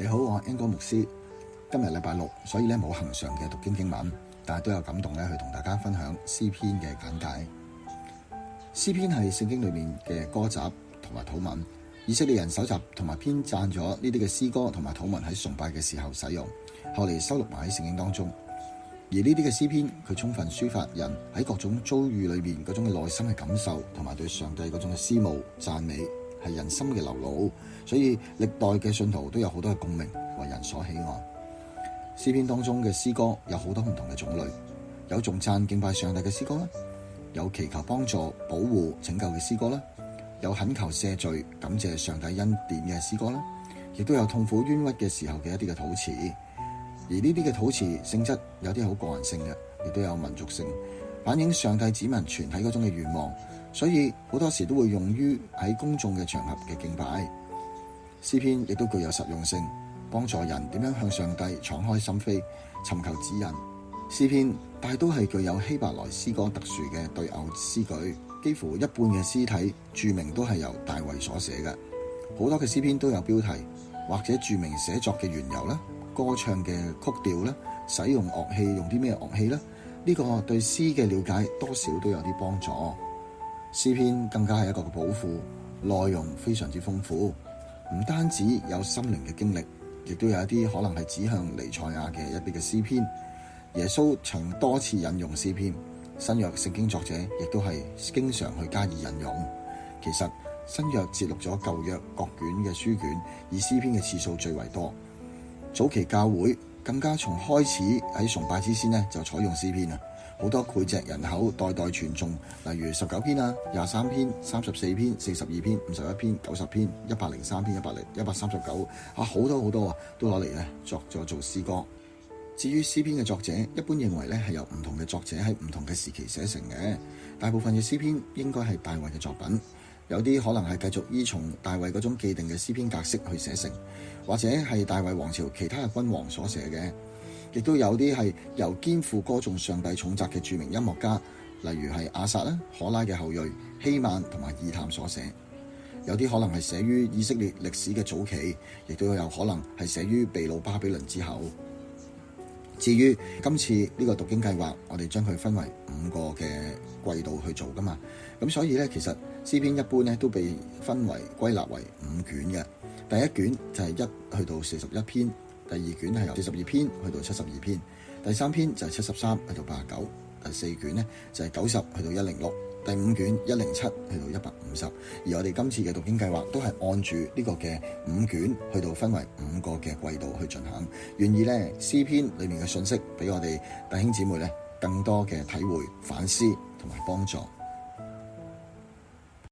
你好，我係英國牧師。今日禮拜六，所以咧冇恆常嘅讀經經文，但係都有感動去同大家分享詩篇嘅簡介。詩篇係聖經裏面嘅歌集同埋禱文，以色列人搜集同埋編贊咗呢啲嘅詩歌同埋禱文喺崇拜嘅時候使用，後嚟收錄埋喺聖經當中。而呢啲嘅詩篇，佢充分抒發人喺各種遭遇裏面嗰種嘅內心嘅感受，同埋對上帝嗰種嘅思慕讚美。係人心嘅流露，所以歷代嘅信徒都有好多嘅共鳴，為人所喜愛。詩篇當中嘅詩歌有好多唔同嘅種類，有頌讚敬拜上帝嘅詩歌啦，有祈求幫助、保護、拯救嘅詩歌啦，有懇求赦罪、感謝上帝恩典嘅詩歌啦，亦都有痛苦冤屈嘅時候嘅一啲嘅禱詞。而呢啲嘅禱詞性質有啲好個人性嘅，亦都有民族性，反映上帝子民全體嗰種嘅願望。所以好多時都會用於喺公眾嘅場合嘅敬拜。詩篇，亦都具有實用性，幫助人點樣向上帝敞開心扉，尋求指引。詩篇大都係具有希伯來詩歌特殊嘅對偶詩句，幾乎一半嘅詩體註明都係由大衛所寫嘅。好多嘅詩篇都有標題或者註明寫作嘅緣由啦，歌唱嘅曲調啦，使用樂器用啲咩樂器啦，呢、呢個對詩嘅了解多少都有啲幫助。詩篇更加係一個嘅寶庫，內容非常之豐富，唔單止有心靈嘅經歷，亦都有一啲可能係指向彌賽亞嘅一啲嘅詩篇。耶穌曾多次引用詩篇，新約聖經作者亦都係經常去加以引用。其實新約節錄咗舊約各卷嘅書卷，以詩篇嘅次數最為多。早期教會，更加從開始喺崇拜之先呢就採用詩篇啊，好多膾炙人口代代傳誦，例如十九篇，篇，篇，篇，篇，篇，篇 130, 13 9, 啊、廿三篇、三十四篇、四十二篇、五十一篇、九十篇、一百零三篇、一百零一百三十九啊，好多好多啊，都攞嚟啊作咗做詩歌。至於詩篇嘅作者，一般認為咧係由唔同嘅作者喺唔同嘅時期寫成嘅，大部分嘅詩篇應該係大衛嘅作品。有啲可能係繼續依從大衛嗰種既定嘅詩篇格式去寫成，或者係大衛王朝其他嘅君王所寫嘅，亦都有啲係由肩負歌頌上帝重責嘅著名音樂家，例如係阿撒啦、可拉嘅後裔希幔同埋以探所寫。有啲可能係寫於以色列歷史嘅早期，亦都有可能係寫於被擄巴比倫之後。至於今次呢個讀經計劃，我哋將佢分為五個嘅季度去做㗎嘛，咁所以咧，其實詩篇一般咧都被分為歸納為五卷嘅，第一卷就係一去到四十一篇，第二卷係由四十二篇去到七十二篇，第三篇就係七十三去到八十九，第四卷咧就係九十去到一零六。第五卷一零七去到一百五十，而我哋今次嘅讀經計劃都係按住呢個嘅五卷去到分為五個嘅季度去進行，願意呢詩篇裏面嘅信息俾我哋弟兄姊妹呢更多嘅體會、反思同埋幫助。